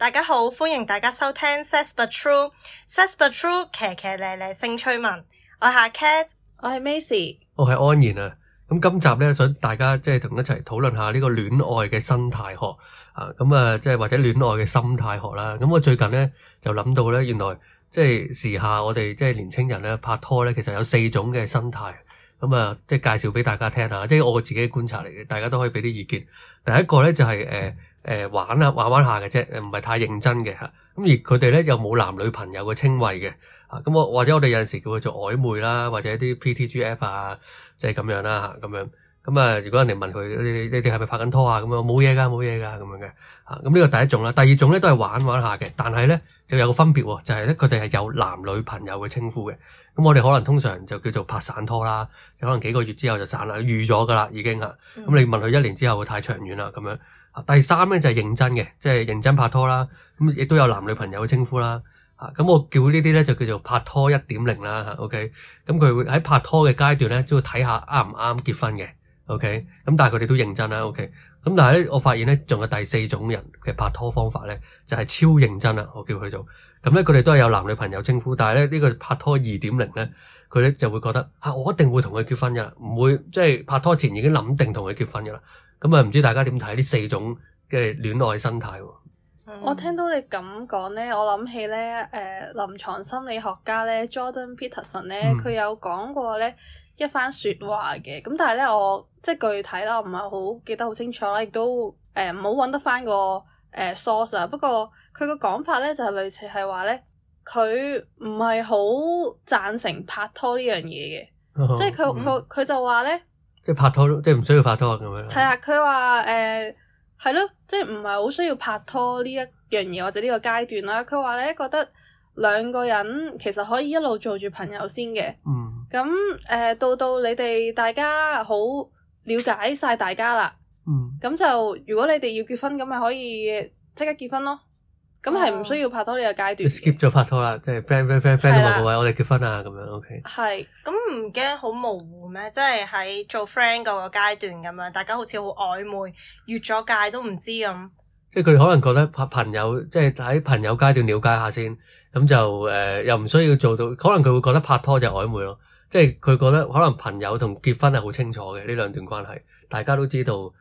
大家好，歡迎大家收聽 s a s p a t r u e s a s p a t r u e 騎騎咧咧性趣文。我係 Cat，我係 m a i s 我係、哦、安然啊。咁今集咧想大家即係同一齊討論下呢個戀愛嘅生態學啊。咁啊，即係或者戀愛嘅心態學啦。咁我最近咧就諗到咧，原來即係時下我哋即係年青人咧拍拖咧，其實有四種嘅心態。咁啊，即係介紹俾大家聽下，即係我自己嘅觀察嚟嘅，大家都可以俾啲意見。第一個咧就係、是、誒。嗯誒玩啦，玩玩下嘅啫，唔係太認真嘅嚇。咁而佢哋咧就冇男女朋友嘅稱謂嘅，啊咁我或者我哋有陣時叫佢做曖昧啦，或者啲 PTGF 啊，即係咁樣啦嚇，咁樣咁啊！如果人哋問佢你你你哋係咪拍緊拖啊？咁啊冇嘢噶，冇嘢噶咁樣嘅嚇。咁呢個第一種啦，第二種咧都係玩玩下嘅，但係咧就有個分別喎，就係咧佢哋係有男女朋友嘅稱、啊啊啊啊啊啊啊啊、稱呼嘅。咁我哋可能通常就叫做拍散拖啦，就可能幾個月之後就散啦，預咗噶啦已經啊。咁你問佢一年之後會太長遠啦，咁樣。第三咧就係、是、認真嘅，即、就、係、是、認真拍拖啦，咁亦都有男女朋友嘅稱呼啦，嚇、啊、咁我叫呢啲咧就叫做拍拖一點零啦，嚇 OK，咁佢會喺拍拖嘅階段咧都要睇下啱唔啱結婚嘅，OK，咁、嗯、但係佢哋都認真啦，OK，咁、嗯、但係咧我發現咧仲有第四種人嘅拍拖方法咧就係、是、超認真啦，我叫佢做，咁咧佢哋都係有男女朋友稱呼，但係咧呢、這個拍拖二點零咧佢咧就會覺得嚇、啊、我一定會同佢結婚㗎啦，唔會即係、就是、拍拖前已經諗定同佢結婚㗎啦。咁啊，唔知大家點睇呢四種嘅戀愛心態？嗯、我聽到你咁講呢，我諗起呢誒、呃、臨床心理學家呢 Jordan Peterson 呢，佢、嗯、有講過呢一番説話嘅。咁但係呢，我即係具體啦，唔係好記得好清楚啦，亦都誒唔好揾得翻個誒、呃、source 啊。不過佢個講法呢，就係、是、類似係話呢，佢唔係好贊成拍拖呢樣嘢嘅，嗯、即係佢佢佢就話呢。即係拍拖咯，即係唔需要拍拖咁樣。係啊，佢話誒、係、呃、咯，即係唔係好需要拍拖呢一樣嘢或者呢個階段啦。佢話咧覺得兩個人其實可以一路做住朋友先嘅。嗯。咁誒、呃，到到你哋大家好了解晒大家啦。嗯。咁就如果你哋要結婚，咁咪可以即刻結婚咯。咁係唔需要拍拖呢個階段，skip 咗拍拖啦，即係 friend，friend，friend，friend 同埋各位，的我哋結婚啊，咁樣，OK。係，咁唔驚好模糊咩？即係喺做 friend 嗰個階段咁樣，大家好似好曖昧，越咗界都唔知咁。即係佢哋可能覺得拍朋友，即係喺朋友階段了解下先，咁就誒、呃、又唔需要做到，可能佢會覺得拍拖就曖昧咯。即係佢覺得可能朋友同結婚係好清楚嘅呢兩段關係，大家都知道誒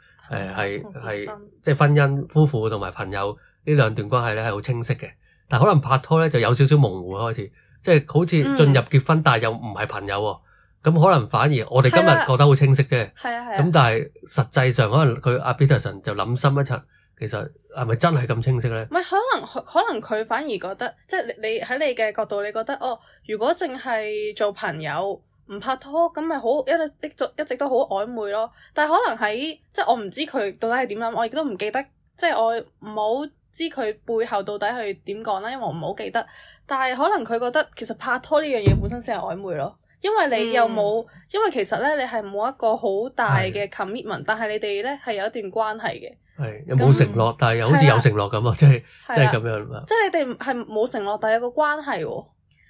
係係即係婚姻夫婦同埋朋友。呢兩段關係咧係好清晰嘅，但可能拍拖咧就有少少模糊開始，即係好似進入結婚，嗯、但係又唔係朋友喎。咁可能反而我哋今日的覺得好清晰啫，咁但係實際上可能佢阿 Peterson 就諗深一層，其實係咪真係咁清晰咧？唔係，可能可能佢反而覺得，即係你喺你嘅角度，你覺得哦，如果淨係做朋友唔拍拖，咁咪好一一直一直都好曖昧咯。但係可能喺即係我唔知佢到底係點諗，我亦都唔記得，即係我唔好。知佢背後到底係點講啦？因為我唔係好記得，但係可能佢覺得其實拍拖呢樣嘢本身先係曖昧咯，因為你又冇，嗯、因為其實咧你係冇一個好大嘅 commitment，的但係你哋咧係有一段關係嘅，係有冇承諾，但係又好似有承諾咁啊，即係即係咁樣。即係你哋係冇承諾，但係有個關係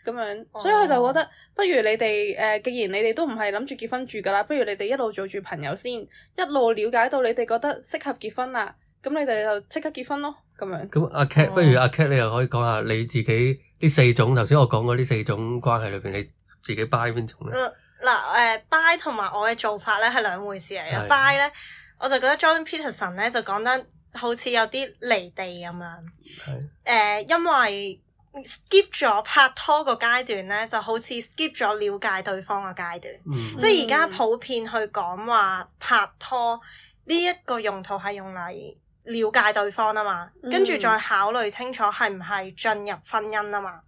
咁樣，所以佢就覺得、嗯、不如你哋誒，既然你哋都唔係諗住結婚住噶啦，不如你哋一路做住朋友先，一路了解到你哋覺得適合結婚啦，咁你哋就即刻結婚咯。咁樣，咁阿、啊、Kate、嗯、不如阿、啊、Kate，你又可以講下你自己呢四種頭先我講過呢四種關係裏邊，你自己 buy 邊種咧？嗱、呃，誒 buy 同埋我嘅做法咧係兩回事嚟嘅。buy 咧的，我就覺得 Jordan Peterson 咧就講得好似有啲離地咁樣。係的。誒、呃，因為 skip 咗拍拖個階段咧，就好似 skip 咗了,了解對方個階段。嗯嗯、即係而家普遍去講話拍拖呢一個用途係用嚟。了解對方啊嘛，跟住再考慮清楚係唔係進入婚姻啊嘛。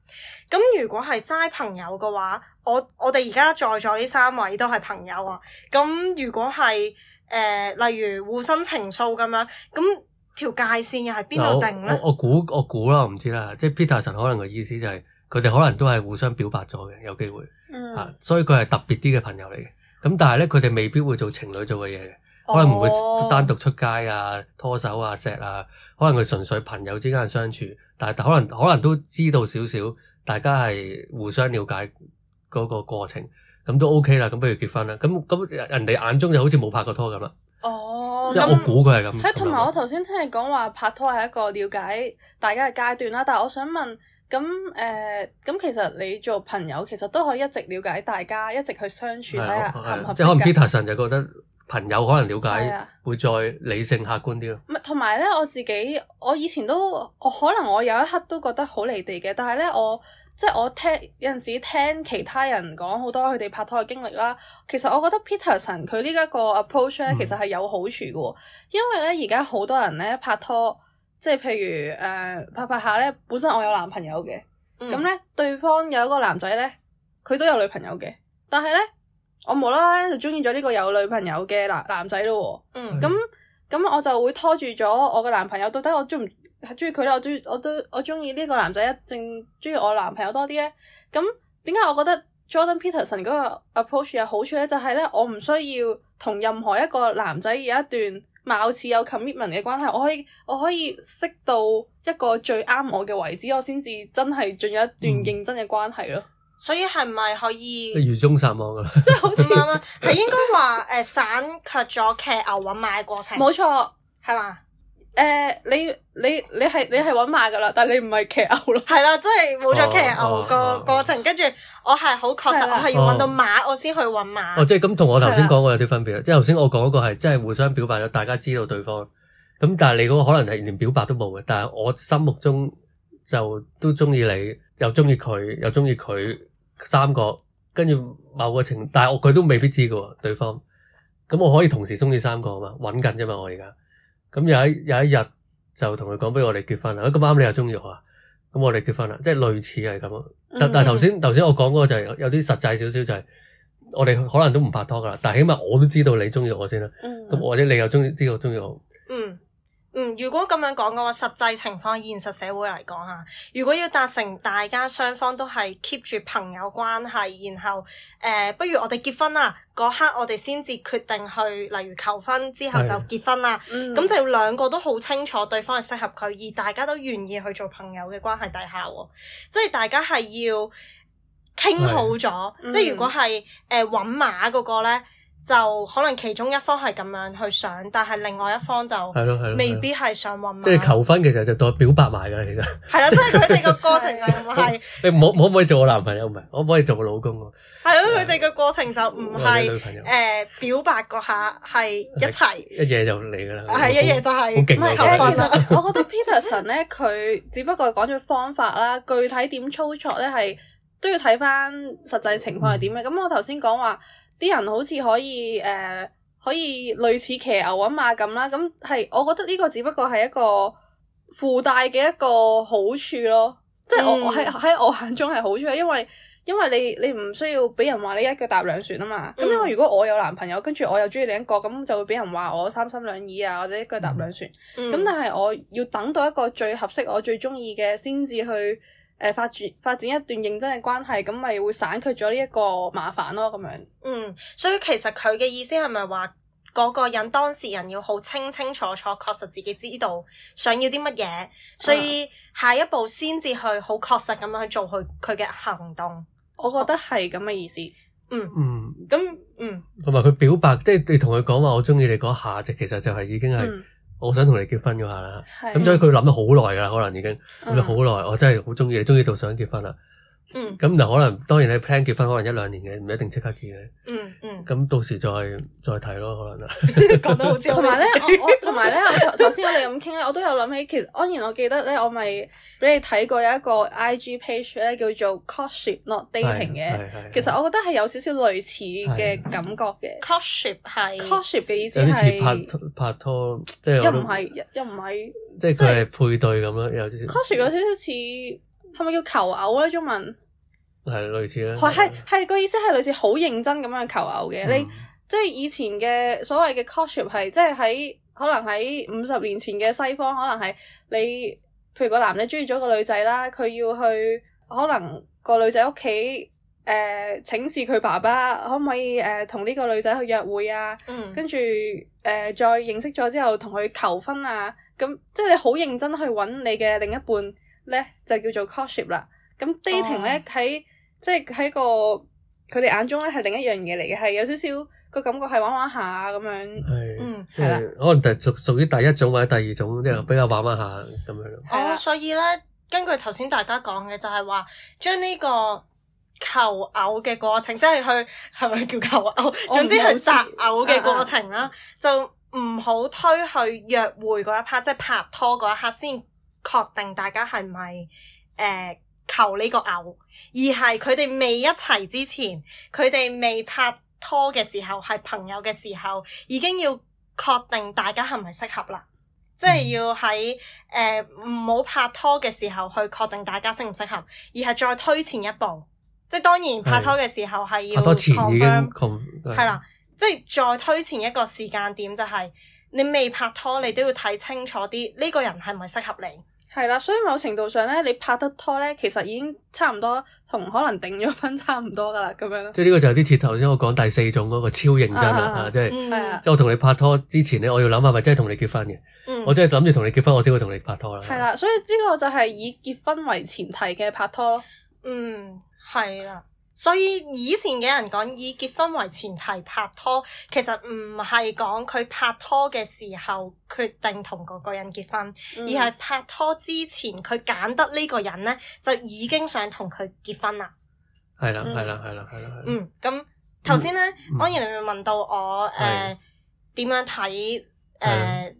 咁如果係齋朋友嘅話，我我哋而家在座呢三位都係朋友啊。咁如果係誒、呃，例如互深情愫咁樣，咁條界線又係邊度定呢？我估我估啦，我唔知啦。即係 Peter 神可能嘅意思就係佢哋可能都係互相表白咗嘅，有機會、嗯、啊，所以佢係特別啲嘅朋友嚟嘅。咁但係呢，佢哋未必會做情侶做嘅嘢可能唔會單獨出街啊，拖手啊、錫啊，可能佢純粹朋友之間嘅相處，但係可能可能都知道少少，大家係互相了解嗰個過程，咁都 OK 啦。咁不如結婚啦。咁咁人哋眼中就好似冇拍過拖咁啦。哦，咁我估佢係咁。係，同埋我頭先聽你講話拍拖係一個了解大家嘅階段啦。但係我想問，咁誒咁其實你做朋友其實都可以一直了解大家，一直去相處睇下合唔合適嘅即可能 Peter 神就覺得。朋友可能了解，啊、會再理性客觀啲咯。唔係同埋咧，我自己我以前都，可能我有一刻都覺得好離地嘅，但係咧我即係我聽有陣時聽其他人講好多佢哋拍拖嘅經歷啦。其實我覺得 Peterson 佢呢一個 approach 咧，其實係有好處嘅，嗯、因為咧而家好多人咧拍拖，即係譬如誒、呃、拍拍下咧，本身我有男朋友嘅，咁咧、嗯、對方有一個男仔咧，佢都有女朋友嘅，但係咧。我無啦啦就中意咗呢個有女朋友嘅男男仔咯喎，咁咁、嗯、我就會拖住咗我嘅男朋友。到底我中唔中意佢咧？我中我都我中意呢個男仔，正男一正中意我男朋友多啲咧？咁點解我覺得 Jordan Peterson 嗰個 approach 有好處咧？就係、是、咧，我唔需要同任何一個男仔有一段貌似有 commitment 嘅關係，我可以我可以識到一個最啱我嘅位置，我先至真係進入一段認真嘅關係咯。嗯所以係咪可以預中撒網㗎喇？即係好似咁樣，係 應該話誒省卻咗騎牛揾馬嘅過程。冇錯，哦，係，哦，嘛？誒，你你你係你係揾馬㗎啦，但係你唔係騎牛啦。係啦，即係冇咗騎牛個過程，跟住我係好確實，我係要揾到馬，的我先去揾馬哦。哦，即係咁同我頭先講嗰個有啲分別啦。的即係頭先我講嗰個係真係互相表白咗，大家知道對方。咁但係你嗰個可能係連表白都冇嘅，但係我心目中就都中意你，又中意佢，又中意佢。三個跟住某個情，但係佢都未必知㗎喎，對方。咁我可以同時中意三個啊嘛，揾緊啫嘛，我而家。咁有一，有一日就同佢講，不如我哋結婚啦。咁啱你又中意我，咁我哋結婚啦。即係類似係咁。但但頭先頭先我講嗰個就係有啲實際少少，就係我哋可能都唔拍拖㗎啦，但係起碼我都知道你中意我先啦。咁、嗯、或者你又中意，知道我中意我。嗯。嗯，如果咁樣講嘅話，實際情況、現實社會嚟講吓，如果要達成大家雙方都係 keep 住朋友關係，然後誒、呃，不如我哋結婚啦，嗰刻我哋先至決定去，例如求婚之後就結婚啦。咁的、嗯、就要兩個都好清楚對方係適合佢，而大家都願意去做朋友嘅關係底下，哦、即係大家係要傾好咗。的嗯、即係如果係誒搵馬嗰個咧。就可能其中一方係咁樣去想，但係另外一方就，係咯，係咯，未必係想搵，即係求婚其實就代表白埋噶，其實係啦，即係佢哋個過程就唔係，你唔好可唔可以做我男朋友？唔係，可唔可以做我老公啊？係咯，佢哋個過程就唔係誒表白個下係一齊，一嘢就嚟噶啦，係一嘢就係，唔係，其實我覺得 Peterson 咧，佢只不過講咗方法啦，具體點操作咧，係都要睇翻實際情況係點嘅，咁我頭先講話。啲人好似可以誒、呃，可以類似騎牛搵馬咁啦，咁係我覺得呢個只不過係一個附帶嘅一個好處咯，即係我喺喺、嗯、我眼中係好處，因為因為你你唔需要俾人話你一腳踏兩船啊嘛，咁、嗯、因為如果我有男朋友，跟住我又中意另一個，咁就會俾人話我三心兩意啊，或者一腳踏兩船，咁、嗯、但係我要等到一個最合適我最中意嘅先至去。誒發展發展一段認真嘅關係，咁咪會省卻咗呢一個麻煩咯，咁樣。嗯，所以其實佢嘅意思係咪話嗰個人當事人要好清清楚楚，確實自己知道想要啲乜嘢，所以下一步先至去好確實咁樣去做佢佢嘅行動。我覺得係咁嘅意思。嗯。嗯。咁嗯。同埋佢表白，即係你同佢講話我中意你嗰下，即其實就係已經係。嗯我想同你結婚嗰下啦，咁的所以佢諗咗好耐噶啦，可能已經，諗咗好耐，我真係好中意，中意到想結婚啦。咁嗱、嗯，可能當然你 plan 結婚可能一兩年嘅，唔一定即刻結嘅。咁到時再再睇咯，可能。 講得好似。同埋咧，我我同埋咧，頭頭先我哋咁傾咧，我都有諗起。其實安然，我記得咧，我咪俾你睇過有一個 IG page 咧，叫做 Coship Not Dating 嘅。其實我覺得係有少少類似嘅感覺嘅。Coship 係是。是 Coship 嘅意思係。拍拍拖，即係。又唔係，又唔係。即係佢係配對咁咯，有少少。是 Coship 有少少似，係咪叫求偶咧，中文？係類似啦，係係、嗰個意思係類似好認真咁樣求偶嘅。嗯、你即係以前嘅所謂嘅 courtship 係，即係喺可能喺五十年前嘅西方，可能係你譬如個男仔中意咗個女仔啦，佢要去可能個女仔屋企誒請示佢爸爸可唔可以誒同呢個女仔去約會啊？嗯、跟住誒、呃、再認識咗之後同佢求婚啊，咁即係你好認真去揾你嘅另一半呢，就叫做 courtship 啦。咁 dating 咧喺。嗯即係喺個佢哋眼中咧，係另一樣嘢嚟嘅，係有少少個感覺係玩玩下咁樣，是嗯，係可能就屬屬於第一種或者第二種，即係比較玩玩下咁樣咯。哦，所以咧，根據頭先大家講嘅，就係話將呢個求偶嘅過程，即係去係咪叫求偶？總之係擇偶嘅過程啦，啊、就唔好推去約會嗰一 part，即係拍拖嗰一刻先確定大家係咪誒。啊求呢個偶，而係佢哋未一齊之前，佢哋未拍拖嘅時候，係朋友嘅時候，已經要確定大家係咪係適合啦。嗯、即係要喺誒唔好拍拖嘅時候去確定大家適唔適合，而係再推前一步。即係當然拍拖嘅時候係要 confirm 啦。即係再推前一個時間點，就是，就係你未拍拖，你都要睇清楚啲呢個人係咪係適合你。係啦，所以某程度上咧，你拍得拖咧，其實已經差唔多同可能訂咗婚差唔多噶啦，咁樣咯。即係呢個就係啲似頭先我講第四種嗰個超認真啦，即係即係我同你拍拖之前咧，我要諗下，咪真係同你結婚嘅？嗯、我真係諗住同你結婚，我先會同你拍拖啦。係啦，所以呢個就係以結婚為前提嘅拍拖咯。嗯，係啦。所以以前嘅人講以結婚為前提拍拖，其實唔係講佢拍拖嘅時候決定同嗰個人結婚，嗯、而係拍拖之前佢揀得呢個人呢，就已經想同佢結婚啦。係啦的，係啦，係啦，係啦。嗯，咁頭先呢，嗯、安然你問到我誒點樣睇？誒，呢、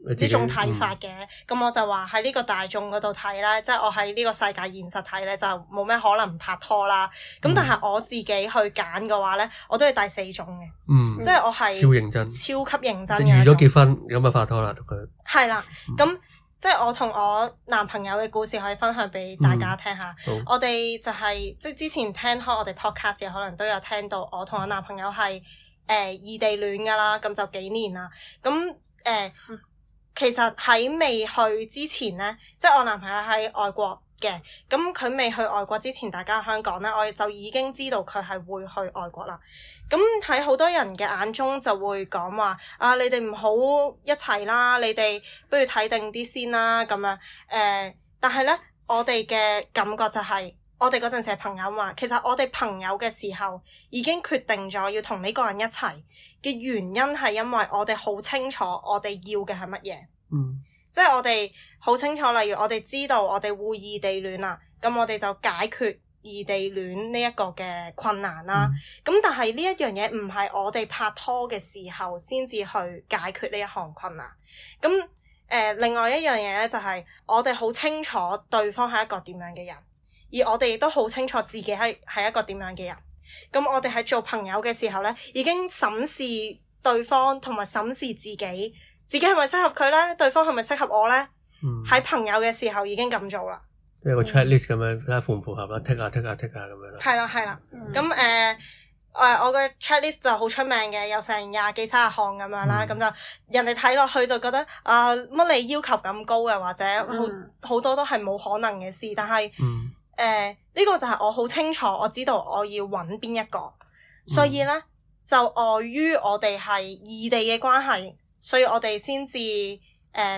呃、種睇法嘅，咁、嗯、我就話喺呢個大眾嗰度睇咧，即、就、係、是、我喺呢個世界現實睇咧，就冇咩可能唔拍拖啦。咁、嗯、但係我自己去揀嘅話咧，我都係第四種嘅，嗯、即係我係超認真、超級認真嘅。預咗結婚，有咪拍拖啦，同佢、嗯。係啦，咁即係我同我男朋友嘅故事可以分享俾大家聽下。嗯、我哋就係、是、即係之前聽開我哋 Podcast，可能都有聽到我同我男朋友係誒、呃、異地戀噶啦，咁就幾年啦，咁。誒、呃，其實喺未去之前呢，即係我男朋友喺外國嘅，咁佢未去外國之前，大家香港呢，我哋就已經知道佢係會去外國啦。咁喺好多人嘅眼中就會講話啊，你哋唔好一齊啦，你哋不如睇定啲先啦咁樣。誒、呃，但係呢，我哋嘅感覺就係、是。我哋嗰陣時係朋友話，其實我哋朋友嘅時候已經決定咗要同呢個人一齊嘅原因係因為我哋好清楚我哋要嘅係乜嘢。嗯、即係我哋好清楚，例如我哋知道我哋會異地戀啦，咁我哋就解決異地戀呢一個嘅困難啦。咁、嗯、但係呢一樣嘢唔係我哋拍拖嘅時候先至去解決呢一項困難。咁誒、呃，另外一樣嘢咧就係我哋好清楚對方係一個點樣嘅人。而我哋亦都好清楚自己係係一個點樣嘅人，咁我哋喺做朋友嘅時候呢，已經審視對方同埋審視自己，自己係咪適合佢呢？對方係咪適合我呢？喺朋友嘅時候已經咁做啦。有個 checklist 咁樣睇下符唔符合啦，剔啊剔啊剔啊咁樣啦。係啦係啦，咁誒誒，我個 checklist 就好出名嘅，有成廿幾三十項咁樣啦，咁就人哋睇落去就覺得啊，乜你要求咁高嘅，或者好好多都係冇可能嘅事，但係，誒，呢、呃呢個就係我好清楚，我知道我要揾邊一個，嗯、所以呢，就礙於我哋係異地嘅關係，所以我哋先至誒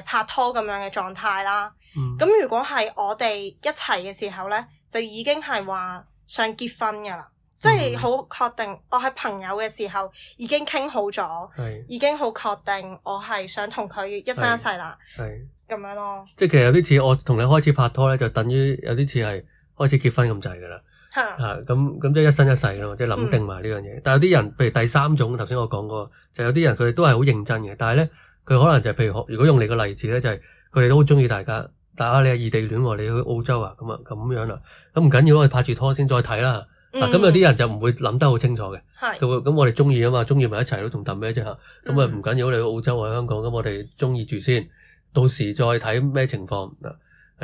拍拖咁樣嘅狀態啦。咁、嗯、如果係我哋一齊嘅時候呢，就已經係話想結婚噶啦，嗯、即係好確定。我喺朋友嘅時候已經傾好咗，是已經好確定我係想同佢一生一世啦，咁樣咯。即係其實有啲似我同你開始拍拖呢，就等於有啲似係。開始結婚咁滯噶啦，吓咁咁即係一生一世咯，即係諗定埋呢樣嘢。嗯、但係有啲人，譬如第三種，頭先我講過，就係、有啲人佢哋都係好認真嘅。但係咧，佢可能就係、譬如如果用你個例子咧，就係佢哋都好中意大家。大家你係異地戀，你，戀你去澳洲啊，咁啊咁樣啦。咁唔緊要，我拍住拖先再，再睇啦。咁有啲人就唔會諗得好清楚嘅，的會咁我哋中意啊嘛，中意埋一齊都仲揼咩啫吓？咁啊唔緊要，緊要，緊要，你去澳洲或香港，咁我哋中意住先，嗯、到時再睇咩情況啊。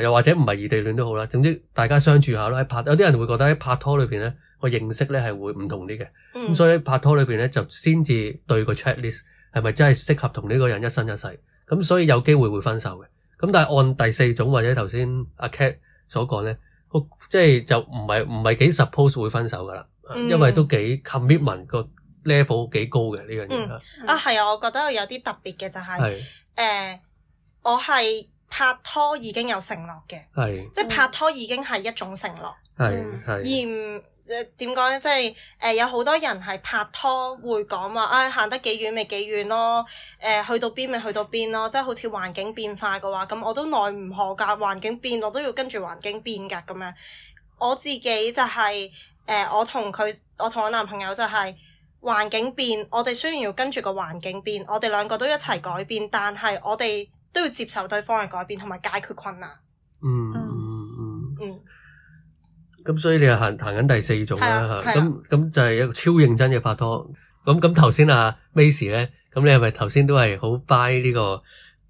又或者唔係異地戀都好啦，總之大家相處下啦。喺拍有啲人會覺得喺拍拖裏邊咧，個認識咧係會唔同啲嘅。咁、嗯、所以拍拖裏邊咧就先至對個 checklist 係咪真係適合同呢個人一生一世？咁所以有機會會分手嘅。咁但係按第四種或者頭先阿 Cat 所講咧，即係就唔係唔係幾 suppose 會分手噶啦，嗯、因為都幾 commitment 個 level 幾高嘅呢樣嘢啊。啊係啊，我覺得我有啲特別嘅就係、是、誒的、呃，我係。拍拖已經有承諾嘅，是即係拍拖已經係一種承諾。係係、嗯，而唔誒點講咧？即係誒有好多人係拍拖會講話，誒、哎、行得幾遠咪幾遠咯，誒、呃、去到邊咪去到邊咯。即係好似環境變化嘅話，咁我都奈唔何噶。環境變，我都要跟住環境變噶咁樣。我自己就係、是、誒、呃，我同佢，我同我男朋友就係、是、環境變，我哋雖然要跟住個環境變，我哋兩個都一齊改變，但係我哋。都要接受對方嘅改變同埋解決困難。嗯嗯嗯嗯。咁、嗯嗯嗯、所以你就行行緊第四種啦。咁咁、啊啊啊、就係一個超認真嘅拍拖。咁咁頭先阿 Macy 咧，咁你係咪頭先都係好 buy 呢個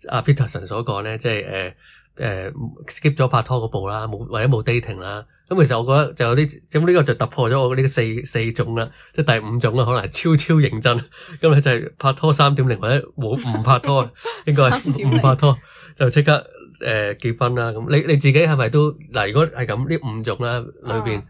阿 Peterson 所講咧，即係誒誒 skip 咗拍拖嗰步啦，冇或者冇 dating 啦。咁其實我覺得就有啲咁呢個就突破咗我呢四四種啦，即第五種啦，可能超超認真，咁咧就係拍拖三點零或者冇唔拍拖，應該係唔拍拖，就即刻誒、呃、結婚啦。咁你你自己係咪都嗱？如果係咁呢五種啦裏面，啊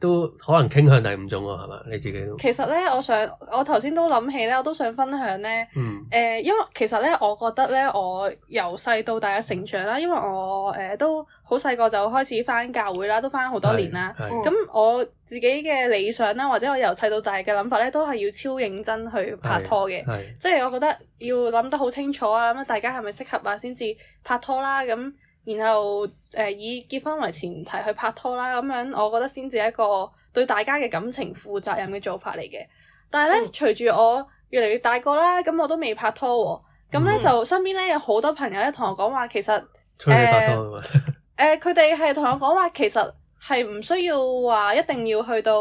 都可能傾向第五種喎，係嘛？你自己都其實咧，我想我頭先都諗起咧，我都想分享咧。嗯。誒、呃，因為其實咧，我覺得咧，我由細到大嘅成長啦，因為我誒、呃、都好細個就開始返教會啦，都返好多年啦。係。咁我自己嘅理想啦，或者我由細到大嘅諗法咧，都係要超認真去拍拖嘅。即係我覺得要諗得好清楚啊，咁大家係咪適合啊，先至拍拖啦。咁。然後誒以結婚為前提去拍拖啦，咁樣我覺得先至一個對大家嘅感情負責任嘅做法嚟嘅。但係咧，隨住我越嚟越大個啦，咁我都未拍拖喎。咁咧就身邊咧有好多朋友咧同我講話，其實誒誒佢哋係同我講話，其實係唔需要話一定要去到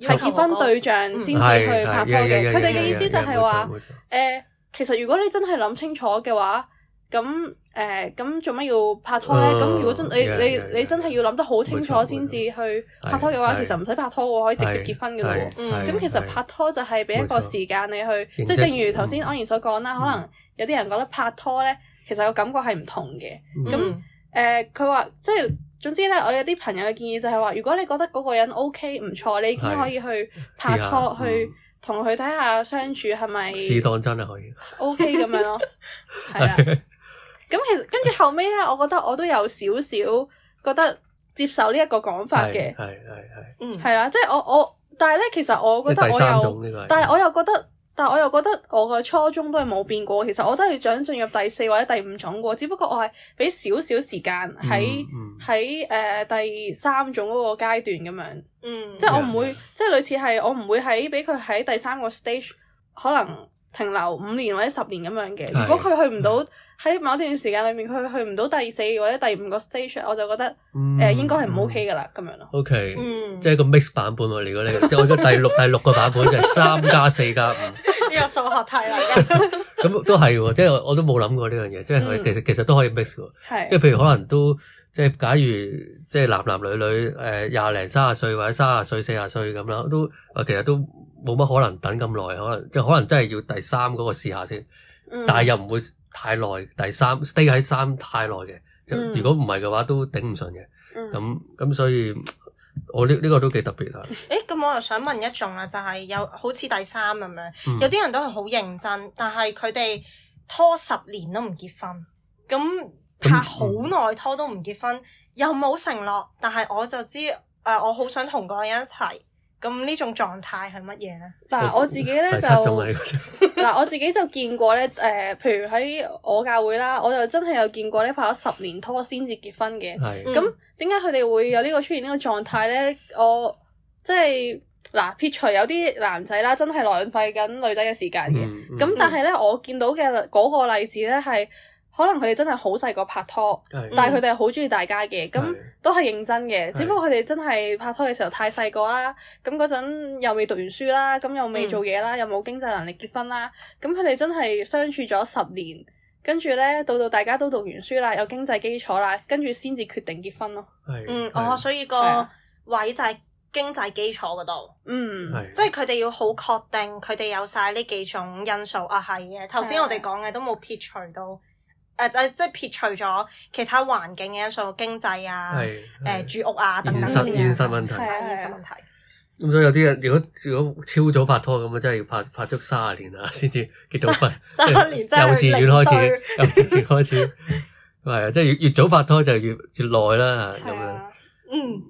係結婚對象先至去拍拖嘅。佢哋嘅意思就係話誒，其實如果你真係諗清楚嘅話。咁誒，咁做乜要拍拖咧？咁如果真你你你真係要諗得好清楚先至去拍拖嘅話，其實唔使拍拖喎，可以直接結婚嘅喎。嗯，咁其實拍拖就係俾一個時間你去，即係正如頭先安然所講啦。可能有啲人覺得拍拖咧，其實個感覺係唔同嘅。咁誒，佢話即係總之咧，我有啲朋友嘅建議就係話，如果你覺得嗰個人 OK 唔錯，你已經可以去拍拖去同佢睇下相處係咪適當真係可以 OK 咁樣咯，係啦。咁其實跟住後尾咧，我覺得我都有少少覺得接受呢一個講法嘅，係係係，嗯，係啦，即係我我，但係咧，其實我覺得我有，但係我又覺得，但係我又覺得我個初衷都係冇變過。其實我都係想進入第四或者第五種嘅，只不過我係俾少少時間喺喺誒第三種嗰個階段咁樣，嗯，即係我唔會，嗯、即係類似係我唔會喺俾佢喺第三個 stage 可能停留五年或者十年咁樣嘅。是如果佢去唔到。嗯喺某一段時間裏面，佢去唔到第四或者第五個 station，我就覺得誒、嗯呃、應該係唔 OK 噶啦、嗯，咁樣咯。OK，即係個 mix 版本喎。如果你 即係我覺得第六第六個版本就係三加四加五。呢 個數學題嚟㗎。咁 都係喎，即係我，我都冇諗過呢樣嘢，即係其實其實都可以 mix 喎。嗯、即係譬如可能都即係假如即係男男女女誒廿零三十歲或者三十歲四十歲咁啦，都其實都冇乜可能等咁耐，可能即係可能真係要第三嗰個試下先，但係又唔會。 太耐第三 stay 喺三太耐嘅，就、嗯、如果唔係嘅話都頂唔順嘅。咁咁、嗯、所以，我呢、這、呢、個這個都幾特別啦。誒、欸，咁我又想問一種啦，就係、是、有好似第三咁樣，嗯、有啲人都係好認真，但係佢哋拖十年都唔結婚，咁、嗯、拍好耐拖都唔結婚，又冇承諾，但係我就知誒、呃，我好想同嗰個人一齊。咁呢種狀態係乜嘢呢？嗱、啊，我自己咧就嗱、 啊，我自己就見過咧。誒、呃，譬如喺我教會啦，我就真係有見過咧，拍咗十年拖先至結婚嘅。係是。咁點解佢哋會有呢、呢個出現呢個狀態呢？我即係嗱、啊，撇除有啲男仔啦，真係浪費緊女仔嘅時間嘅。咁、嗯嗯、但係呢，我見到嘅嗰個例子呢，係。可能佢哋真係好細個拍拖，嗯、但係佢哋好中意大家嘅，咁都係認真嘅。是只不過佢哋真係拍拖嘅時候太細個啦，咁嗰陣又未讀完書啦，咁又未做嘢啦，嗯、又冇經濟能力結婚啦。咁佢哋真係相處咗十年，跟住呢，到到大家都讀完書啦，有經濟基礎啦，跟住先至決定結婚咯。嗯，哦，是所以個位就係經濟基礎嗰度。是嗯，即係佢哋要好確定佢哋有晒呢幾種因素。啊，係嘅，頭先我哋講嘅都冇撇除到。誒誒，即係撇除咗其他環境嘅因素，經濟啊，誒是是、呃，住屋啊，等等呢啲嘢現實問題，現實、啊啊、問題。咁所以有啲人，如果如果超早拍拖咁啊，真係要拍拍足三啊年啊，先至結到婚。三年真係幼稚園開始，幼稚園開始，係 啊，即係越越早拍拖就越越耐啦，咁樣。嗯，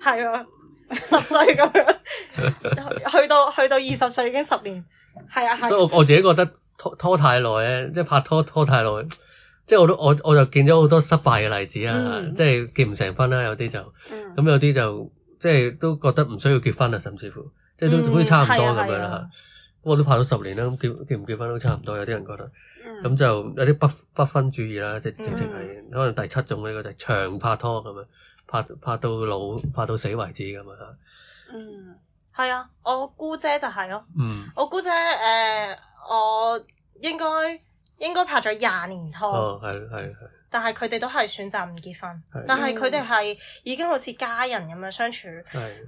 係啊，十歲咁樣，去到 去到二十歲已經十年，係啊係。啊所以我我自己覺得拖拖太耐咧，即係拍拖拖太耐。即係我都我我就見咗好多失敗嘅例子啦，即係結唔成婚啦，有啲就咁有啲就即係都覺得唔需要結婚啦，甚至乎即係都好似差唔多咁、嗯、樣啦。嗯、我都拍咗十年啦，咁結唔結婚都差唔多。有啲人覺得咁、嗯、就有啲不不分主義啦，即直情係可能第七種咧，個就長拍拖咁樣拍拍到老拍到死為止咁樣嚇。嗯，係啊，我姑姐就係、是、咯。嗯，我姑姐誒、呃，我應該。應該拍咗廿年拖，哦、但係佢哋都係選擇唔結婚。的但係佢哋係已經好似家人咁樣相處。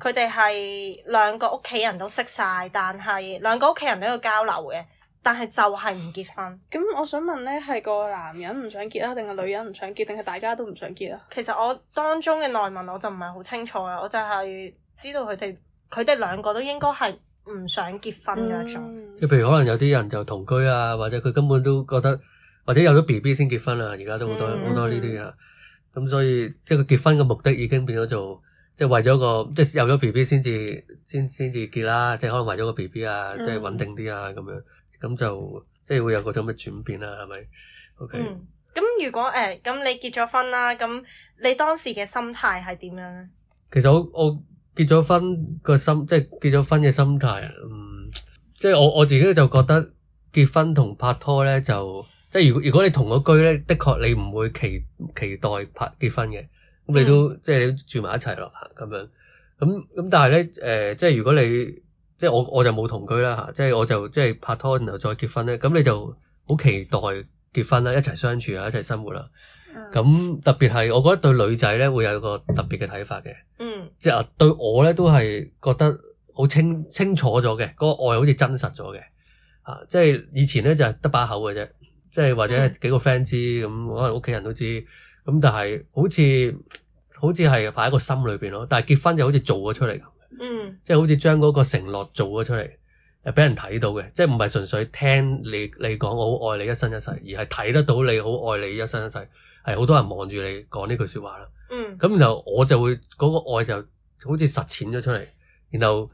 佢哋係兩個屋企人都識晒，但係兩個屋企人都有交流嘅，但係就係唔結婚。咁、嗯、我想問呢，係個男人唔想結啊，定係女人唔想結，定係大家都唔想結啊？其實我當中嘅內文我就唔係好清楚啊，我就係知道佢哋佢哋兩個都應該係唔想結婚嘅一種。嗯譬如可能有啲人就同居啊，或者佢根本都覺得，或者有咗 B B 先結婚啊，而家都好多好、嗯、多呢啲啊，咁所以即係佢結婚嘅目的已經變咗做，即係為咗個即係有咗 B B 先至先先至結啦，即係、啊、可能為咗個 B B 啊，嗯、即係穩定啲啊咁樣，咁就即係會有嗰種嘅轉變啦、啊，係咪？OK，咁如果誒，咁、呃、你結咗婚啦，咁你當時嘅心態係點樣咧？其實我我結咗婚個心，即係結咗婚嘅心態，嗯。即係我我自己就覺得結婚同拍拖呢，就即係如果如果你同個居呢，的確你唔會期期待拍結婚嘅，咁你都、嗯、即係你都住埋一齊咯，咁樣咁咁但係呢，誒、呃，即係如果你即係我我就冇同居啦吓，即係我就即係拍拖，然後再結婚呢，咁你就好期待結婚啦，一齊相處啊，一齊生活啦，咁、嗯、特別係我覺得對女仔呢會有個特別嘅睇法嘅，即係、嗯、對我呢都係覺得。好清清楚咗嘅，嗰個愛好似真實咗嘅，啊，即係以前咧就係得把口嘅啫，即係或者幾個 friend 知，咁、嗯、可能屋企人都知，咁、嗯嗯、但係好似好似係擺喺個心裏邊咯，但係結婚就好似做咗出嚟咁，嗯，即係好似將嗰個承諾做咗出嚟，誒，俾人睇到嘅，即係唔係純粹聽你你講我好愛你一生一世，而係睇得到你好愛你一生一世，係好多人望住你講呢句説話啦，嗯，咁然後我就會嗰、嗰個愛就好似實踐咗出嚟，然後。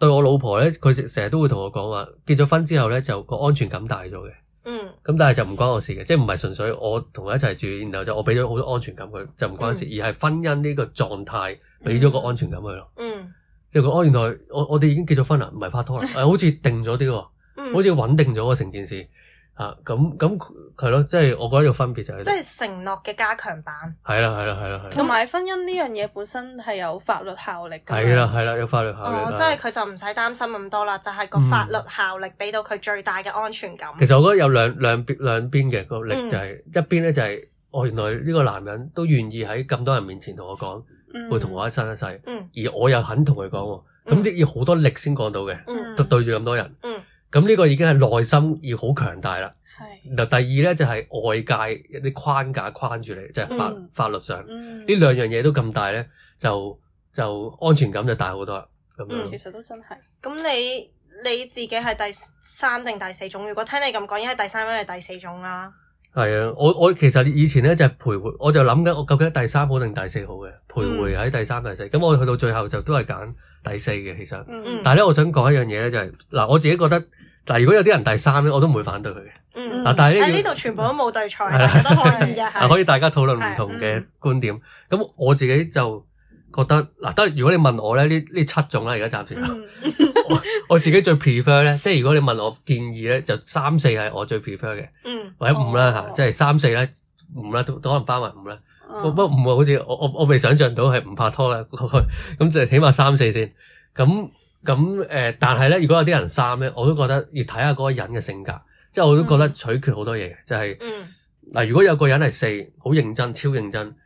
對我老婆咧，佢成日都會同我講話，結咗婚之後咧就個安全感大咗嘅。嗯，咁但係就唔關我事嘅，即係唔係純粹我同佢一齊住，然後就我俾咗好多安全感佢，就唔關事，嗯、而係婚姻呢個狀態俾咗個安全感佢咯、嗯。嗯，因為哦，原來我我哋已經結咗婚啦，唔係拍拖啦，誒好似定咗啲喎，好似、 嗯、穩定咗啊成件事。啊，咁咁係咯，即係我覺得有分別就係，即係承諾嘅加強版。係啦係啦係啦係。同埋婚姻呢樣嘢本身係有法律效力噶。係啦係啦，有法律效力。哦，即係佢就唔使擔心咁多啦，就係、是、個法律效力俾到佢最大嘅安全感、嗯。其實我覺得有兩兩兩邊嘅個力、就是，嗯、邊呢就係一邊咧就係，哦原來呢個男人都願意喺咁多人面前同我講、嗯、會同我一生一世，嗯、而我又肯同佢講，咁亦、嗯、要好多力先講到嘅，嗯、就對住咁多人。嗯嗯咁呢個已經係內心要好強大啦是。係。嗱，第二咧就係外界一啲框架框住你，就係、是、法、嗯、法律上、嗯、兩呢兩樣嘢都咁大咧，就就安全感就大好多啦。咁樣、嗯。其實都真係。咁你你自己係第三定第四種？如果聽你咁講，應該第三定係第四種啦、啊。係啊，我我其實以前咧就係徘徊，我就諗緊我究竟第三好定第四好嘅徘徊喺第三定、嗯、第四。咁我去到最後就都係揀。第四嘅。其實，但係咧，我想講一樣嘢咧，就係嗱，我自己覺得，但如果有啲人第三咧，我都唔會反對佢嘅。嗯，嗱，但係呢度全部都冇對錯，可以大家討論唔同嘅觀點。咁我自己就覺得，嗱，當然如果你問我咧，呢呢七種啦，而家暫時，我自己最 prefer 咧，即係如果你問我建議咧，就三四係我最 prefer 嘅，或者五啦吓，即係三四咧，五啦都可能包埋五啦。不過唔會好似我我我未想象到係唔拍拖啦，咁 就起碼三四先。咁咁誒，但係咧，如果有啲人三咧，我都覺得要睇下嗰個人嘅性格，即係我都覺得取決好多嘢嘅，就係、是、嗱。嗯、如果有個人係四，好認真，超認真。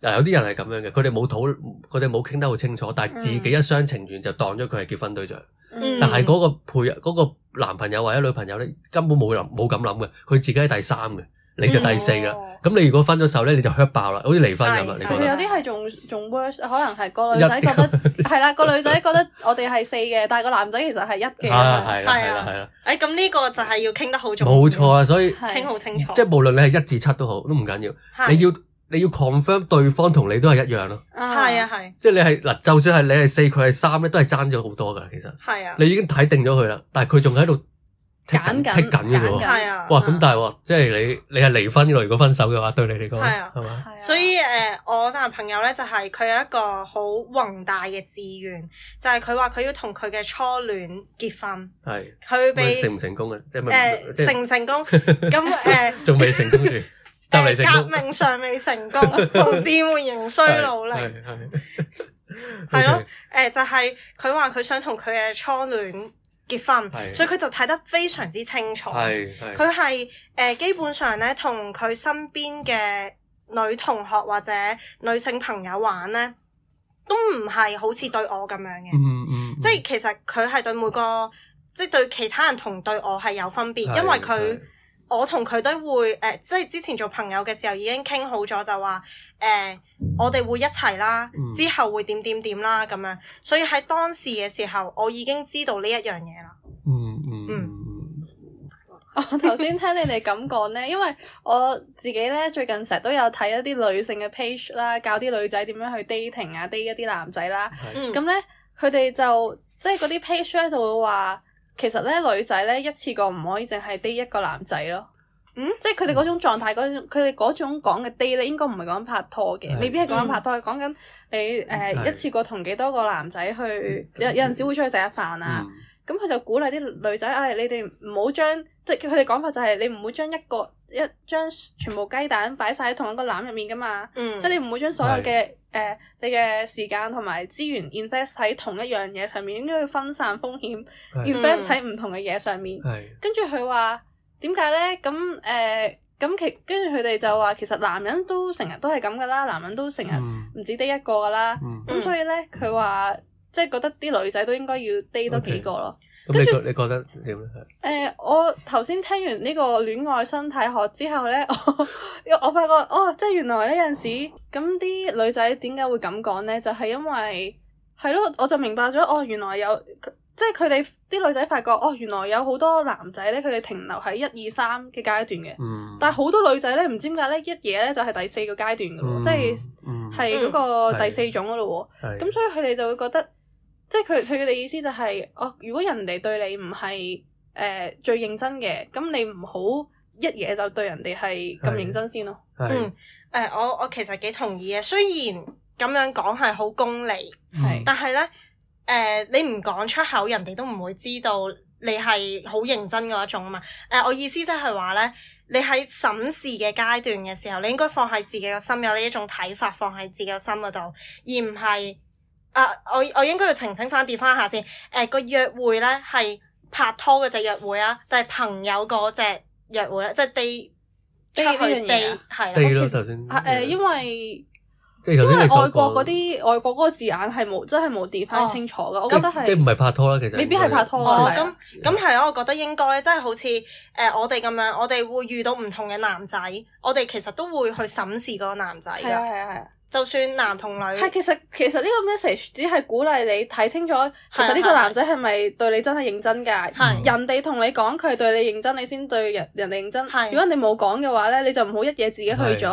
嗱，有啲人係咁樣嘅，佢哋冇討，佢哋冇傾得好清楚，但係自己一廂情願就當咗佢係結婚對象。嗯、但係嗰個配嗰、嗯、個男朋友或者女朋友咧，根本冇諗冇咁諗嘅，佢自己係第三嘅。你就第四啦，咁你如果分咗手咧，你就 hurt 爆啦，好似離婚咁啊！你有啲係仲仲 worse，可能係個女仔覺得係啦，個女仔覺得我哋係四嘅，但係個男仔其實係一嘅，係啦係啦係啦。誒，咁呢個就係要傾得好重要，冇錯啊，所以傾好清楚。即係無論你係一至七都好，都唔緊要，你要你要 confirm 對方同你都係一樣咯。係啊係。即係你係嗱，就算係你係四，佢係三咧，都係爭咗好多噶，其實。係啊。你已經睇定咗佢啦，但係佢仲喺度。揀緊，揀緊，係啊！哇，咁但係喎，即係你，你係離婚咯？如果分手嘅話，對你嚟講係啊，係嘛？所以誒，我男朋友咧就係佢有一個好宏大嘅志願，就係佢話佢要同佢嘅初戀結婚。係佢會成唔成功嘅？誒，成唔成功？咁誒，仲未成功住？革命尚未成功，同志們仍需努力。係係。係咯，誒就係佢話佢想同佢嘅初戀結婚，是所以佢就睇得非常之清楚。佢係、呃、基本上咧，同佢身邊嘅女同學或者女性朋友玩咧，都唔係好似對我咁樣嘅。嗯嗯嗯、即係其實佢係對每個，即係對其他人同對我係有分別，是因為佢。我同佢都會誒、呃，即係之前做朋友嘅時候已經傾好咗，就話誒、呃，我哋會一齊啦，嗯、之後會點點點啦咁樣。所以喺當時嘅時候，我已經知道呢一樣嘢啦、嗯。嗯嗯嗯。 我頭先聽你哋咁講咧，因為我自己咧最近成日都有睇一啲女性嘅 page 啦，教啲女仔點樣去 dating 啊，dating 一啲男仔啦。咁咧、嗯，佢哋就即係嗰啲 page 咧就會話。其實咧，女仔咧一次過唔可以淨係 date 一個男仔咯。嗯，即係佢哋嗰種狀態，嗰種佢哋嗰種講嘅 date 咧，應該唔係講拍拖嘅，未必係講緊拍拖，係講緊你誒一次過同幾多個男仔去，有有陣時會出去食下飯啊。咁佢就鼓勵啲女仔，唉，你哋唔好將即係佢哋講法就係你唔會將一個一將全部雞蛋擺晒喺同一個籃入面噶嘛。即係你唔會將所有嘅。誒、呃，你嘅時間同埋資源 invest 喺同一樣嘢上面，應該要分散風險，invest 喺唔同嘅嘢上面。是跟住佢話點解咧？咁誒咁其跟住佢哋就話，其實男人都成日都係咁噶啦，男人都成日唔止得一個噶啦。咁、嗯、所以咧，佢話即係覺得啲女仔都應該要 date 多，多幾個咯。Okay. 跟住你你覺得點咧？誒、呃，我頭先聽完呢個戀愛身體學之後咧，我我發覺哦，即係原來呢陣時，咁啲女仔點解會咁講咧？就係、是、因為係咯，我就明白咗哦，原來有即係佢哋啲女仔發覺哦，原來有好多男仔咧，佢哋停留喺一二三嘅階段嘅，嗯、但係好多女仔咧，唔知點解咧，一夜咧就係第四個階段㗎喎，即係係嗰個第四種咯喎，咁是是所以佢哋就會覺得。即係佢佢哋意思就係、是，哦，如果人哋對你唔係誒最認真嘅，咁你唔好一嘢就對人哋係咁認真先咯。嗯，誒、呃，我我其實幾同意嘅，雖然咁樣講係好功利，係是，但係咧，誒、呃，你唔講出口，人哋都唔會知道你係好認真嗰一種啊嘛。誒、呃，我意思即係話咧，你喺審視嘅階段嘅時候，你應該放喺自己嘅心有呢一種睇法，放喺自己嘅心嗰度，而唔係。啊！我我應該要澄清翻 drop 翻下先。誒個約會咧係拍拖嗰隻約會啊，就係朋友嗰隻約會啊，即係地 check 啊。地咯，就算誒，因為因為外國嗰啲外國嗰個字眼係冇，真係冇 drop 翻清楚噶。我覺得係即唔係拍拖啦，其實未必係拍拖。哦，咁咁係啊，我覺得應該真係好似誒我哋咁樣，我哋會遇到唔同嘅男仔，我哋其實都會去審視嗰個男仔噶。係啊，係啊，係啊。就算男同女係，其實其實呢個 message 只係鼓勵你睇清楚，其實呢個男仔係咪對你真係認真㗎？係人哋同你講佢對你認真，你先對人人哋認真。如果人哋冇講嘅話呢，你就唔好一夜自己去咗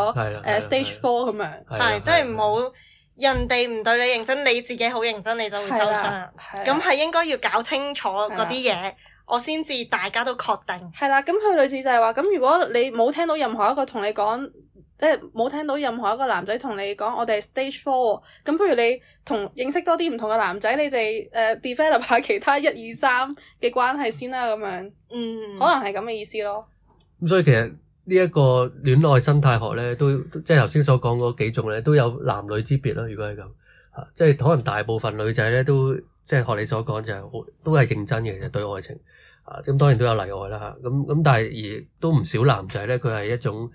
stage four 咁樣。係即係唔好人哋唔對你認真，你自己好認真，你就會受傷。係咁，係應該要搞清楚嗰啲嘢，我先至大家都確定。係啦，咁佢類似就係話，咁如果你冇聽到任何一個同你講。即係冇聽到任何一個男仔同你講，我哋係 stage four 喎。咁不如你同認識多啲唔同嘅男仔，你哋誒、uh, develop 下其他一二三嘅關係先啦，咁樣。嗯、mm。Hmm. 可能係咁嘅意思咯。咁、嗯、所以其實呢一個戀愛生態學咧，都即係頭先所講嗰幾種咧，都有男女之別啦。如果係咁，嚇，即係可能大部分女仔咧，都即係學你所講就係、是、都係認真嘅，其實對愛情。啊，咁當然都有例外啦。咁、啊、咁，但係而都唔少男仔咧，佢係一種。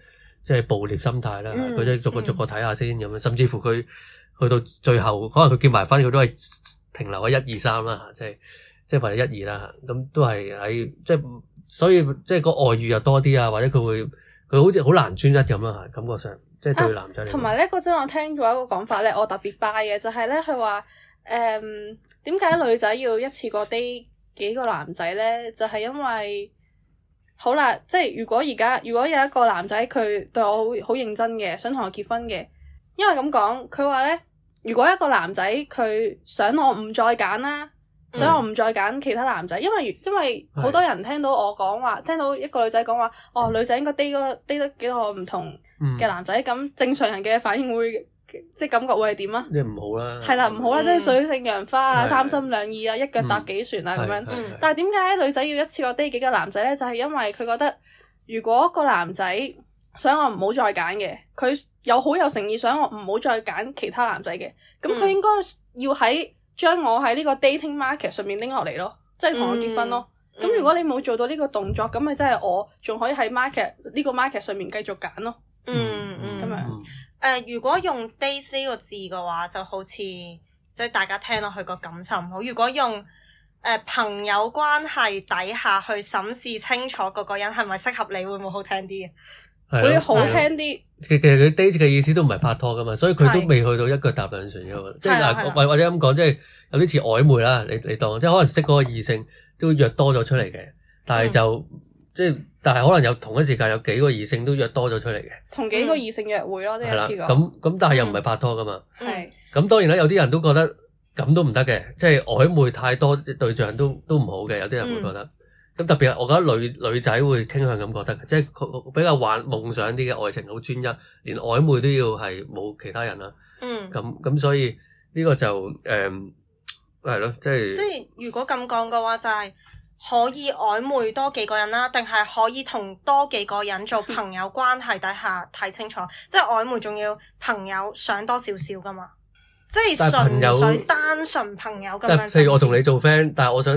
即係暴獵心態啦，佢都、嗯、逐個逐個睇下先咁樣，嗯、甚至乎佢去到最後，可能佢結埋婚，佢都係停留喺一二三啦，即係即係或者一二啦，咁都係喺即係，所以即係個外遇又多啲啊，或者佢會佢好似好難專一咁啦嚇，感覺上即係、就是、對男仔。同埋咧，嗰陣我聽咗一個講法咧，我特別 buy 嘅就係、是、咧，佢話誒點解女仔要一次過啲幾個男仔咧？就係、是、因為。好啦，即係如果而家如果有一個男仔佢對我好好認真嘅，想同我結婚嘅，因為咁講，佢話咧，如果一個男仔佢想我唔再揀啦、啊，嗯、想我唔再揀其他男仔，因為因為好多人聽到我講話，是聽到一個女仔講話，是哦女仔應該低個低得幾多唔同嘅男仔，咁、嗯、正常人嘅反應會。即係感覺會係點啊？即係唔好啦，係啦，嗯，唔好啦，即，就，係，是，水性楊花啊，的三心兩意啊，一腳踏幾船啊，咁，嗯，樣。的但係點解女仔要一次過 date 幾個男仔呢？就係，是，因為佢覺得如果個男仔想我唔好再揀嘅，佢有好有誠意，想我唔好再揀其他男仔嘅。咁佢應該要喺將，嗯，我喺呢個 dating market 上面拎落嚟咯，即係同我結婚咯。咁，嗯嗯，如果你冇做到呢個動作，咁咪即係我仲可以喺 market 呢個 market 上面繼續揀咯。嗯嗯，咁，嗯嗯嗯嗯，樣。誒、呃，如果用 date 呢個字嘅話，就好似即係大家聽落去個感受唔好。如果用誒、呃、朋友關係底下去審視清楚嗰個人係咪適合你，會唔會好聽啲？會好聽啲。其實其實佢 date 嘅意思都唔係拍拖噶嘛，所以佢都未去到一腳踏兩船。即係嗱，或者咁講，即、就、係、是、有啲似曖昧啦。你你當即係、就是、可能識嗰個異性都約多咗出嚟嘅，嗯、但係就即係。就是但係可能有同一時間有幾個異性都約多咗出嚟嘅，同幾個異性約會咯，嗯、即係咁咁，但係又唔係拍拖㗎嘛。係咁，當然啦，有啲人都覺得咁都唔得嘅，即係曖昧太多對象都都唔好嘅。有啲人會覺得咁、嗯、特別係，我覺得女女仔會傾向咁覺得，即係比較幻夢想啲嘅愛情，好專一，連曖昧都要係冇其他人啦、啊嗯嗯。嗯，咁咁所以呢個就誒係咯，即係即係是如果咁講嘅話就係。可以曖昧多幾個人啦，定係可以同多幾個人做朋友關係底下睇清楚， 即係曖昧仲要朋友想多少少噶嘛？即係純粹單純朋友咁樣。即係我同你做 friend，但係我想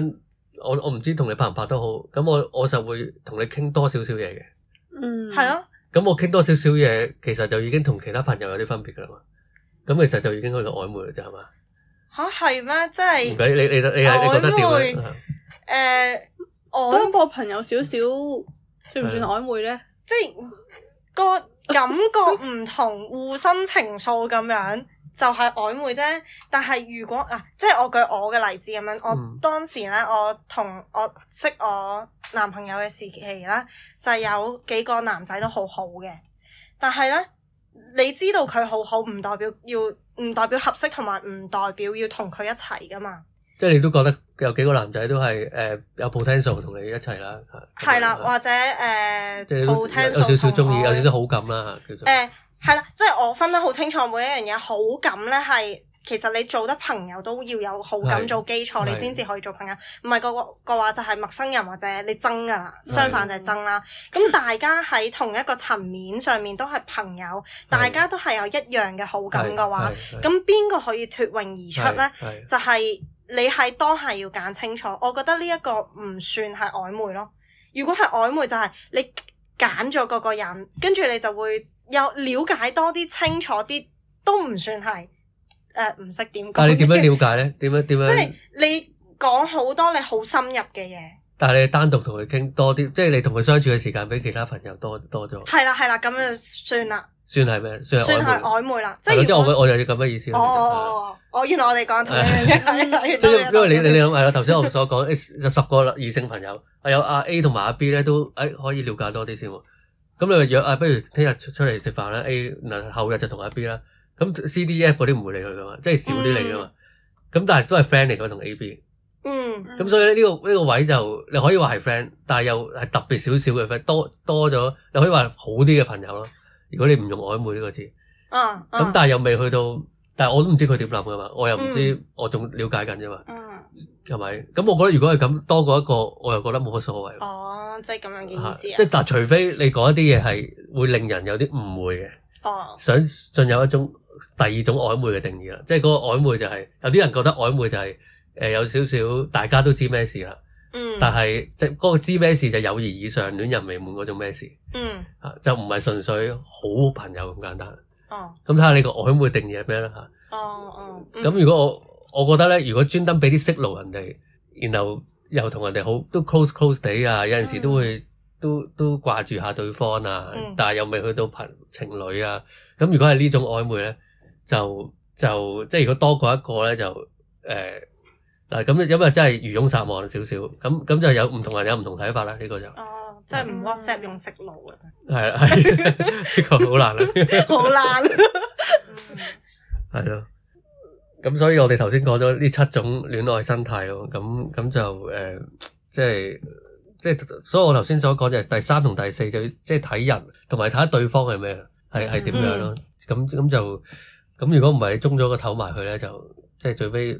我我唔知同你拍唔拍得好，咁我我就會同你傾多少少嘢嘅。嗯，係啊。咁我傾多少少嘢，其實就已經同其他朋友有啲分別噶啦嘛。咁其實就已經去到曖昧嘅啫，係嘛？吓係咩？即係唔計你，你你你覺得點啊？誒，我嗰、uh, 個朋友少少算唔算曖昧呢？ 即係個感覺唔同互生情愫咁樣，就係、是、曖昧啫。但係如果啊，即係我舉我嘅例子咁樣，我當時咧，我同我識我男朋友嘅時期啦，就是、有幾個男仔都好好嘅。但係咧，你知道佢好好，唔代表要唔代表合適，同埋唔代表要同佢一齊噶嘛？即係你都覺得有幾個男仔都係誒有 potential 同你一齊啦，係啦，或者誒 potential 有少少鍾意，有少少好感啦，誒係啦，即係我分得好清楚每一樣嘢，好感咧係其實你做得朋友都要有好感做基礎，你先至可以做朋友，唔係個個個話就係陌生人或者你憎噶啦，相反就係憎啦。咁大家喺同一個層面上面都係朋友，大家都係有一樣嘅好感嘅話，咁邊個可以脫穎而出咧？就係。你係當下要揀清楚，我覺得呢一個唔算係曖昧咯。如果係曖昧，就係你揀咗嗰個人，跟住你就會有了解多啲、清楚啲，都唔算係誒唔識點講。呃、但係你點樣了解呢？點樣點樣？即係你講好多你好深入嘅嘢。但係你單獨同佢傾多啲，即係你同佢相處嘅時間比其他朋友多多咗。係啦、啊，係啦、啊，咁就算啦。算係咩？算係曖昧啦，即係即係我我就咁嘅意思。哦哦，原來我哋講同嘅嘢係係。因為因為你你你諗係啦，頭先我所講，就十個啦異性朋友，有阿 A 同埋阿 B 咧，都、哎、誒可以了解多啲先喎。咁你咪約啊，不如聽日出出嚟食飯啦。A 嗱後日就同阿 B 啦。咁 CDF 嗰啲唔會理佢噶嘛，即係少啲理噶嘛。咁、嗯、但係都係 friend 嚟噶同 A B。AB，嗯。咁所以呢、呢個呢、呢個位就你可以話係 friend，但係又係特別少少嘅 friend，多多咗，你可以話好啲嘅朋友咯。如果你唔用曖昧呢個字，啊，啊，咁但係又未去到，但係我都唔知佢點諗噶嘛，我又唔知，嗯，我仲了解緊啫嘛，嗯，啊，係咪？咁我覺得如果係咁多過一個，我又覺得冇乜所謂。哦，即係咁樣嘅意思啊？啊即係但除非你講一啲嘢係會令人有啲誤會嘅，哦，想進入一種第二種曖昧嘅定義啦，即係嗰個曖昧就係、是、有啲人覺得曖昧就係、是、誒、呃、有少少大家都知咩事啦。嗯，但係即嗰個知咩事就友誼以上戀人未滿嗰種咩事，嗯啊就唔係純粹好朋友咁簡單。哦，咁睇下你個曖昧定義係咩啦嚇。哦哦，咁、嗯啊、如果我我覺得咧，如果專登俾啲色路人哋，然後又同人哋好都 close close 啲啊，嗯、有陣時都會都都掛住下對方啊，但係又未去到朋情侶啊，咁如果係呢種曖昧咧，就就，就即如果多過一個咧就誒。呃嗱咁，咁啊、嗯，真係魚擁殺網少少，咁咁就有唔同人有唔同睇法啦。呢個就哦，即係唔 WhatsApp 用食路嘅，係啦，呢個好難啊，好難，係咯。咁所以我哋頭先講咗呢七種戀愛心態咯。咁咁就誒、呃，即係即係，所以我頭先所講就係第三同第四就即係睇人，同埋睇對方係咩，係係點樣咯。咁咁、嗯、哼就咁，如果唔係你中咗個頭埋去咧，就即係最尾。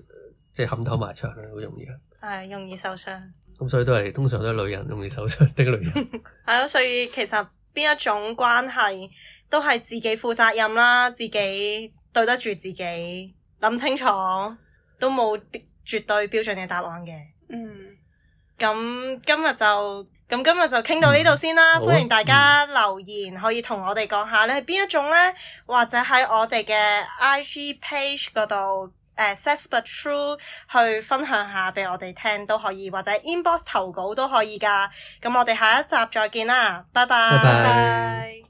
即係冚頭埋牆好容易啊，係、哎、容易受傷。咁所以都係通常都係女人容易受傷的，女人係咯。 所以其實邊一種關係都係自己負責任啦，自己對得住自己，諗清楚都冇絕對標準嘅答案嘅。嗯，咁今日就咁今日就傾到呢度先啦。嗯、歡迎大家留言，嗯、可以同我哋講下咧，你係邊一種咧？或者喺我哋嘅 IG page 嗰度。誒 search but true 去分享下俾我哋聽都可以，或者 inbox 投稿都可以㗎。咁我哋下一集再見啦，拜拜 bye。Bye bye。